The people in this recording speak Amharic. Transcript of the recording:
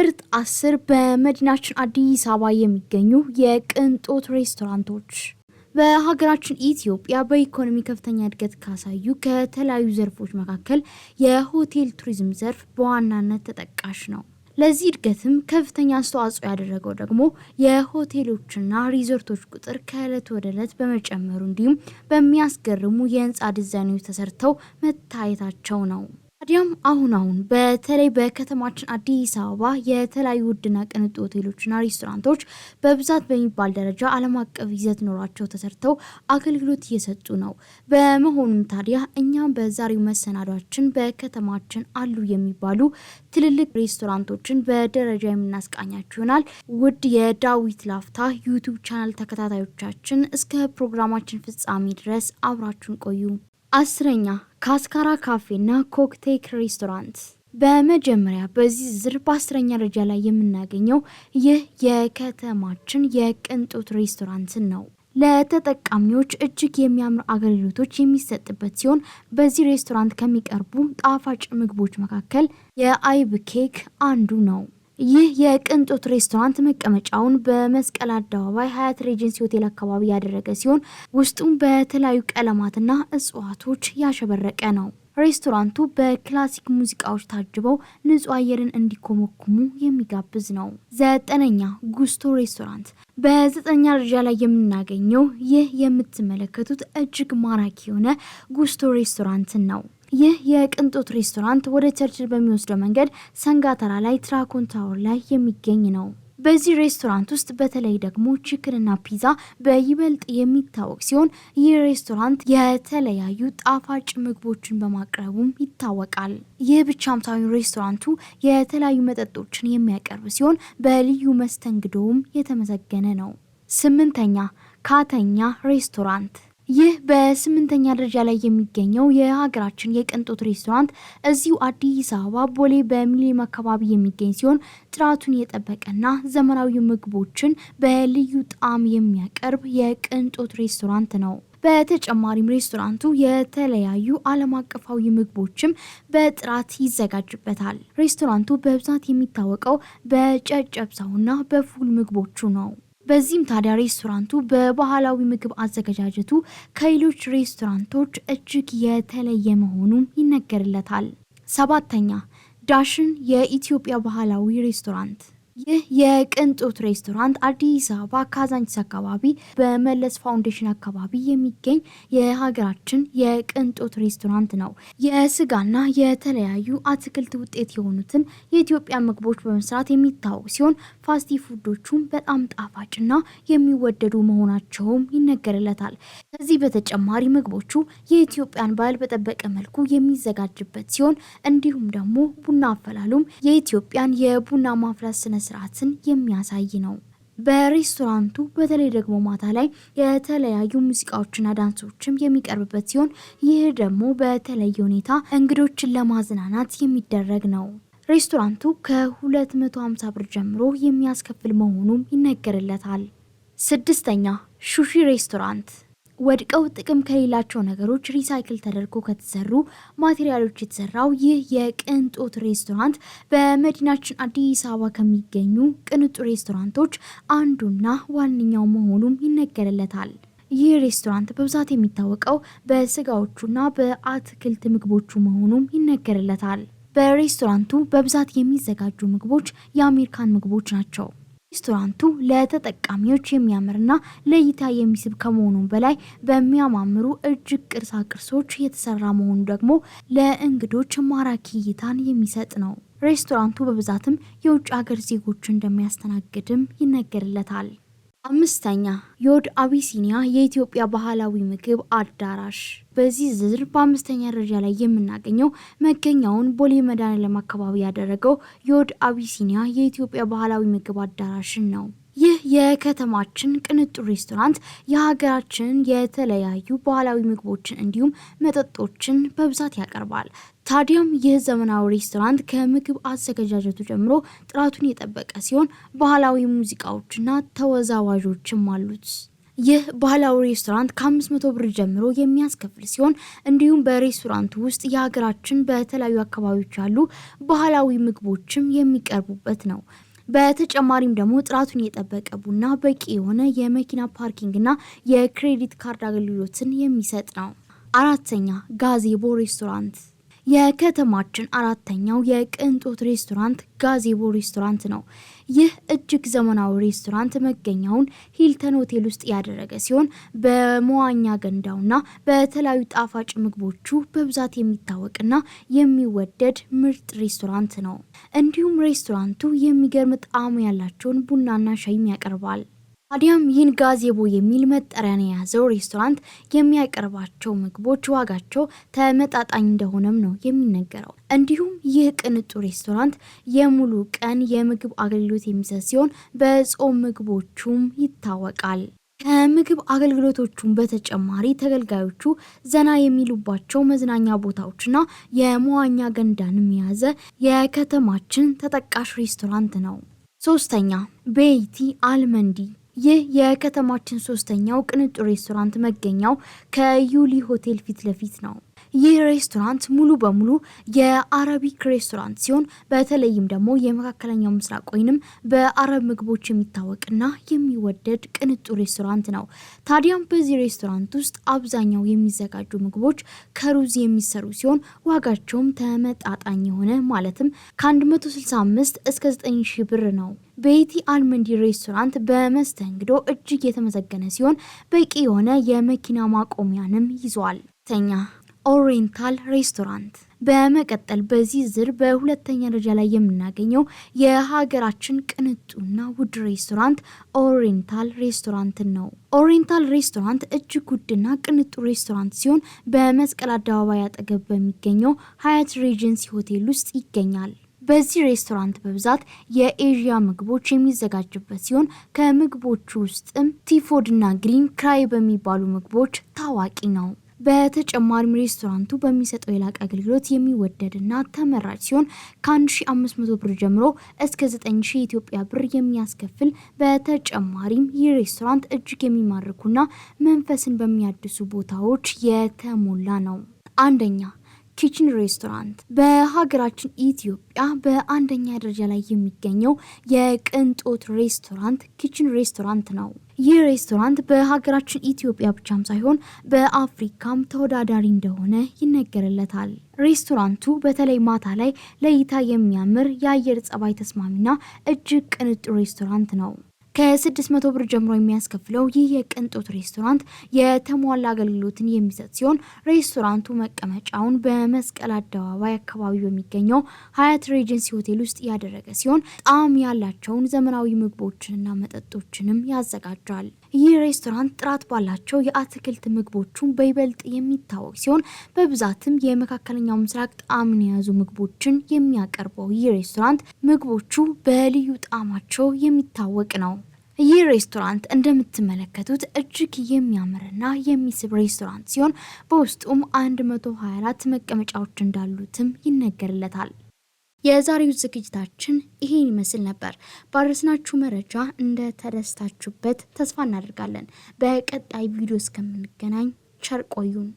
ምርጥ አስር በመዲናችን አዲስ አበባ የሚገኙ የቅንጦት ሬስቶራንቶች። በሀገራችን ኢትዮጵያ በኢኮኖሚ ከፍተኛ እድገት ካሳዩ ከተለያዩ ዘርፎች መካከል የሆቴል ቱሪዝም ዘርፍ በዋናነት ተጠቃሽ ነው። ለዚህ እድገትም ከፍተኛ አስተዋጽኦ ያደረገው ደግሞ የሆቴሎችና ሪዞርቶች ቁጥር ከእለት ወደ እለት በመጨመሩ እንዲሁም በሚያስገርሙ የህንፃ ዲዛይኖች ተሰርተው መታየታቸው ነው። ታዲያም አሁን አሁን በተለይ በከተማችን አዲስ አበባ የተለያዩ ውድና ቅንጡ ሆቴሎችና ሬስቶራንቶች በብዛት በሚባል ደረጃ ዓለም አቀፍ ይዘት ኖሯቸው ተሰርተው አገልግሎት እየሰጡ ነው። በመሆኑም ታዲያ እኛም በዛሬው መሰናዷችን በከተማችን አሉ የሚባሉ ትልልቅ ሬስቶራንቶችን በደረጃ የምናስቃኛችሁ ይሆናል። ውድ የዳዊት ላፍታ ዩቱብ ቻናል ተከታታዮቻችን እስከ ፕሮግራማችን ፍጻሜ ድረስ አብራችሁን ቆዩ። አስረኛ ካስካራ ካፌና ኮክቴክ ሬስቶራንት በመጀመሪያ በዚህ ዝር በአስረኛ ደረጃ ላይ የምናገኘው ይህ የከተማችን የቅንጦት ሬስቶራንትን ነው። ለተጠቃሚዎች እጅግ የሚያምር አገልግሎቶች የሚሰጥበት ሲሆን በዚህ ሬስቶራንት ከሚቀርቡ ጣፋጭ ምግቦች መካከል የአይብ ኬክ አንዱ ነው። ይህ የቅንጦት ሬስቶራንት መቀመጫውን በመስቀል አደባባይ ሀያት ሬጀንሲ ሆቴል አካባቢ ያደረገ ሲሆን ውስጡም በተለያዩ ቀለማትና እጽዋቶች ያሸበረቀ ነው። ሬስቶራንቱ በክላሲክ ሙዚቃዎች ታጅበው ንጹህ አየርን እንዲኮመኩሙ የሚጋብዝ ነው። ዘጠነኛ ጉስቶ ሬስቶራንት በዘጠነኛ ደረጃ ላይ የምናገኘው ይህ የምትመለከቱት እጅግ ማራኪ የሆነ ጉስቶ ሬስቶራንትን ነው። ይህ የቅንጦት ሬስቶራንት ወደ ቸርችል በሚወስደው መንገድ ሰንጋተራ ላይ ትራኮን ታወር ላይ የሚገኝ ነው። በዚህ ሬስቶራንት ውስጥ በተለይ ደግሞ ችክንና ፒዛ በይበልጥ የሚታወቅ ሲሆን ይህ ሬስቶራንት የተለያዩ ጣፋጭ ምግቦችን በማቅረቡም ይታወቃል። ይህ ብቻም ሳይሆን ሬስቶራንቱ የተለያዩ መጠጦችን የሚያቀርብ ሲሆን በልዩ መስተንግዶውም የተመሰገነ ነው። ስምንተኛ ካተኛ ሬስቶራንት ይህ በስምንተኛ ደረጃ ላይ የሚገኘው የሀገራችን የቅንጦት ሬስቶራንት እዚሁ አዲስ አበባ ቦሌ በሚሊኒየም አካባቢ የሚገኝ ሲሆን ጥራቱን የጠበቀና ዘመናዊ ምግቦችን በልዩ ጣዕም የሚያቀርብ የቅንጦት ሬስቶራንት ነው። በተጨማሪም ሬስቶራንቱ የተለያዩ ዓለም አቀፋዊ ምግቦችም በጥራት ይዘጋጅበታል። ሬስቶራንቱ በብዛት የሚታወቀው በጨጨብሳውና በፉል ምግቦቹ ነው። በዚህም ታዲያ ሬስቶራንቱ በባህላዊ ምግብ አዘገጃጀቱ ከሌሎች ሬስቶራንቶች እጅግ የተለየ መሆኑም ይነገርለታል። ሰባተኛ ዳሽን የኢትዮጵያ ባህላዊ ሬስቶራንት ይህ የቅንጦት ሬስቶራንት አዲስ አበባ ካዛንቺስ አካባቢ በመለስ ፋውንዴሽን አካባቢ የሚገኝ የሀገራችን የቅንጦት ሬስቶራንት ነው። የስጋና የተለያዩ አትክልት ውጤት የሆኑትን የኢትዮጵያ ምግቦች በመስራት የሚታወቅ ሲሆን ፋስቲ ፉዶቹም በጣም ጣፋጭና የሚወደዱ መሆናቸውም ይነገርለታል። ከዚህ በተጨማሪ ምግቦቹ የኢትዮጵያን ባህል በጠበቀ መልኩ የሚዘጋጅበት ሲሆን እንዲሁም ደግሞ ቡና አፈላሉም የኢትዮጵያን የቡና ማፍላት ስነ ስርዓትን የሚያሳይ ነው። በሬስቶራንቱ በተለይ ደግሞ ማታ ላይ የተለያዩ ሙዚቃዎችና ዳንሶችም የሚቀርብበት ሲሆን ይህ ደግሞ በተለየ ሁኔታ እንግዶችን ለማዝናናት የሚደረግ ነው። ሬስቶራንቱ ከ250 ብር ጀምሮ የሚያስከፍል መሆኑም ይነገርለታል። ስድስተኛ ሹሺ ሬስቶራንት ወድቀው ጥቅም ከሌላቸው ነገሮች ሪሳይክል ተደርጎ ከተሰሩ ማቴሪያሎች የተሰራው ይህ የቅንጦት ሬስቶራንት በመዲናችን አዲስ አበባ ከሚገኙ ቅንጡ ሬስቶራንቶች አንዱና ዋነኛው መሆኑም ይነገርለታል። ይህ ሬስቶራንት በብዛት የሚታወቀው በስጋዎቹና በአትክልት ምግቦቹ መሆኑም ይነገርለታል። በሬስቶራንቱ በብዛት የሚዘጋጁ ምግቦች የአሜሪካን ምግቦች ናቸው። ሬስቶራንቱ ለተጠቃሚዎች የሚያምርና ለእይታ የሚስብ ከመሆኑ በላይ በሚያማምሩ እጅግ ቅርሳ ቅርሶች የተሰራ መሆኑ ደግሞ ለእንግዶች ማራኪ እይታን የሚሰጥ ነው። ሬስቶራንቱ በብዛትም የውጭ ሀገር ዜጎች እንደሚያስተናግድም ይነገርለታል። አምስተኛ ዮድ አቢሲኒያ የኢትዮጵያ ባህላዊ ምግብ አዳራሽ። በዚህ ዝርዝር በአምስተኛ ደረጃ ላይ የምናገኘው መገኛውን ቦሌ መድኃኔዓለም አካባቢ ያደረገው ዮድ አቢሲኒያ የኢትዮጵያ ባህላዊ ምግብ አዳራሽን ነው። ይህ የከተማችን ቅንጡ ሬስቶራንት የሀገራችንን የተለያዩ ባህላዊ ምግቦችን እንዲሁም መጠጦችን በብዛት ያቀርባል። ስታዲየም ይህ ዘመናዊ ሬስቶራንት ከምግብ አዘገጃጀቱ ጀምሮ ጥራቱን የጠበቀ ሲሆን ባህላዊ ሙዚቃዎችና ተወዛዋዦችም አሉት። ይህ ባህላዊ ሬስቶራንት ከ500 ብር ጀምሮ የሚያስከፍል ሲሆን እንዲሁም በሬስቶራንቱ ውስጥ የሀገራችን በተለያዩ አካባቢዎች ያሉ ባህላዊ ምግቦችም የሚቀርቡበት ነው። በተጨማሪም ደግሞ ጥራቱን የጠበቀ ቡና፣ በቂ የሆነ የመኪና ፓርኪንግና የክሬዲት ካርድ አገልግሎትን የሚሰጥ ነው። አራተኛ ጋዜቦ ሬስቶራንት የከተማችን አራተኛው የቅንጦት ሬስቶራንት ጋዜቦ ሬስቶራንት ነው። ይህ እጅግ ዘመናዊ ሬስቶራንት መገኛውን ሂልተን ሆቴል ውስጥ ያደረገ ሲሆን በመዋኛ ገንዳውና በተለያዩ ጣፋጭ ምግቦቹ በብዛት የሚታወቅና የሚወደድ ምርጥ ሬስቶራንት ነው። እንዲሁም ሬስቶራንቱ የሚገርም ጣዕም ያላቸውን ቡናና ሻይም ያቀርባል። ታዲያም ይህን ጋዜቦ የሚል መጠሪያን የያዘው ሬስቶራንት የሚያቀርባቸው ምግቦች ዋጋቸው ተመጣጣኝ እንደሆነም ነው የሚነገረው። እንዲሁም ይህ ቅንጡ ሬስቶራንት የሙሉ ቀን የምግብ አገልግሎት የሚሰጥ ሲሆን በጾም ምግቦቹም ይታወቃል። ከምግብ አገልግሎቶቹም በተጨማሪ ተገልጋዮቹ ዘና የሚሉባቸው መዝናኛ ቦታዎችና የመዋኛ ገንዳንም የያዘ የከተማችን ተጠቃሽ ሬስቶራንት ነው። ሶስተኛ ቤይቲ አልመንዲ ይህ የከተማችን ሶስተኛው ቅንጡ ሬስቶራንት መገኛው ከዩሊ ሆቴል ፊት ለፊት ነው። ይህ ሬስቶራንት ሙሉ በሙሉ የአረቢክ ሬስቶራንት ሲሆን በተለይም ደግሞ የመካከለኛው ምስራቅ ወይንም በአረብ ምግቦች የሚታወቅና የሚወደድ ቅንጡ ሬስቶራንት ነው። ታዲያም በዚህ ሬስቶራንት ውስጥ አብዛኛው የሚዘጋጁ ምግቦች ከሩዝ የሚሰሩ ሲሆን ዋጋቸውም ተመጣጣኝ የሆነ ማለትም ከ165 እስከ 9 ብር ነው። በይቲ አልመንዲ ሬስቶራንት በመስተንግዶ እጅግ የተመሰገነ ሲሆን በቂ የሆነ የመኪና ማቆሚያንም ይዟል። ተኛ ኦሪየንታል ሬስቶራንት። በመቀጠል በዚህ ዝር በሁለተኛ ደረጃ ላይ የምናገኘው የሀገራችን ቅንጡና ውድ ሬስቶራንት ኦሪንታል ሬስቶራንትን ነው። ኦሪንታል ሬስቶራንት እጅግ ውድና ቅንጡ ሬስቶራንት ሲሆን በመስቀል አደባባይ አጠገብ በሚገኘው ሀያት ሬጀንሲ ሆቴል ውስጥ ይገኛል። በዚህ ሬስቶራንት በብዛት የኤዥያ ምግቦች የሚዘጋጅበት ሲሆን ከምግቦቹ ውስጥም ቲፎድና ግሪን ክራይ በሚባሉ ምግቦች ታዋቂ ነው። በተጨማሪም ሬስቶራንቱ በሚሰጠው የላቀ አገልግሎት የሚወደድና ተመራጭ ሲሆን ከ1500 ብር ጀምሮ እስከ 9000 የኢትዮጵያ ብር የሚያስከፍል። በተጨማሪም ይህ ሬስቶራንት እጅግ የሚማርኩና መንፈስን በሚያድሱ ቦታዎች የተሞላ ነው። አንደኛ ኪችን ሬስቶራንት በሀገራችን ኢትዮጵያ በአንደኛ ደረጃ ላይ የሚገኘው የቅንጦት ሬስቶራንት ኪችን ሬስቶራንት ነው። ይህ ሬስቶራንት በሀገራችን ኢትዮጵያ ብቻም ሳይሆን በአፍሪካም ተወዳዳሪ እንደሆነ ይነገርለታል። ሬስቶራንቱ በተለይ ማታ ላይ ለእይታ የሚያምር የአየር ጸባይ ተስማሚና እጅግ ቅንጡ ሬስቶራንት ነው። ከ600 ብር ጀምሮ የሚያስከፍለው ይህ የቅንጦት ሬስቶራንት የተሟላ አገልግሎትን የሚሰጥ ሲሆን ሬስቶራንቱ መቀመጫውን በመስቀል አደባባይ አካባቢ በሚገኘው ሀያት ሬጀንሲ ሆቴል ውስጥ ያደረገ ሲሆን ጣዕም ያላቸውን ዘመናዊ ምግቦችንና መጠጦችንም ያዘጋጃል። ይህ ሬስቶራንት ጥራት ባላቸው የአትክልት ምግቦቹን በይበልጥ የሚታወቅ ሲሆን በብዛትም የመካከለኛው ምስራቅ ጣዕምን የያዙ ምግቦችን የሚያቀርበው ይህ ሬስቶራንት ምግቦቹ በልዩ ጣዕማቸው የሚታወቅ ነው። ይህ ሬስቶራንት እንደምትመለከቱት እጅግ የሚያምርና የሚስብ ሬስቶራንት ሲሆን በውስጡም 124 መቀመጫዎች እንዳሉትም ይነገርለታል። የዛሬው ዝግጅታችን ይሄን ይመስል ነበር። ባደረስናችሁ መረጃ እንደተደስታችሁበት ተስፋ እናደርጋለን። በቀጣይ ቪዲዮ እስከምንገናኝ ቸር ቆዩን።